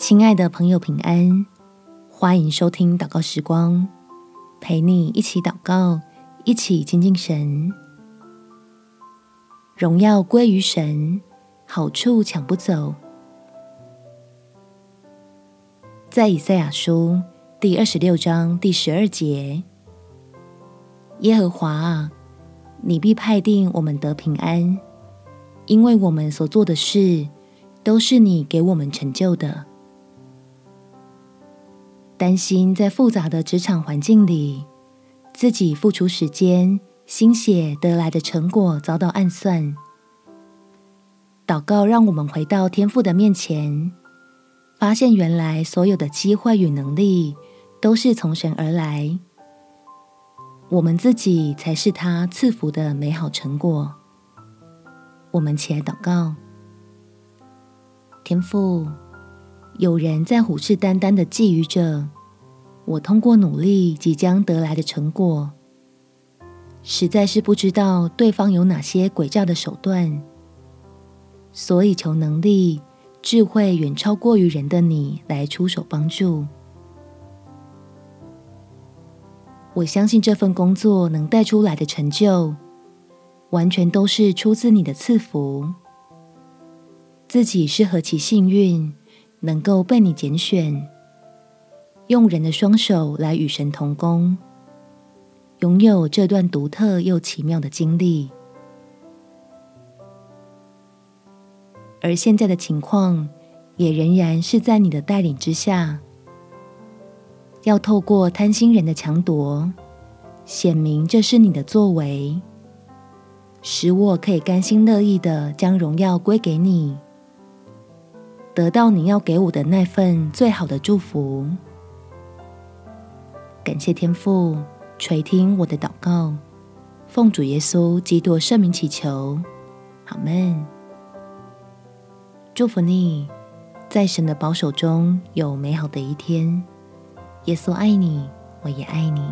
親愛的朋友，平安！歡迎收聽禱告時光，陪你一起禱告，一起親近神。榮耀歸於神，好處搶不走。在以賽亞書第二十六章第十二節，耶和華，你必派定我們得平安，因為我們所做的事，都是你給我們成就的。擔心在複雜的職場環境裡，自己付出時間心血得來的成果遭到暗算。禱告，讓我們回到天父的面前，發現原來所有的機會與能力都是從神而來，我們自己才是他賜福的美好成果。我們起來禱告，天父。有人在虎視眈眈的覬覦着我通過努力即將得來的成果，實在是不知道對方有哪些詭詐的手段，所以求能力、智慧遠超過於人的你來出手幫助。我相信這份工作能帶出來的成就，完全都是出自你的賜福。自己是何其幸運！能夠被你揀選，用人的雙手來與神同工，擁有這段獨特又奇妙的經歷。而現在的情況，也仍然是在你的帶領之下，要透過貪心人的強奪，顯明這是你的作為，使我可以甘心樂意的將榮耀歸給你。得到你要給我的那份最好的祝福，感謝天父垂聽我的禱告，奉主耶穌基督聖名祈求，阿門。祝福你，在神的保守中有美好的一天。耶穌愛你，我也愛你。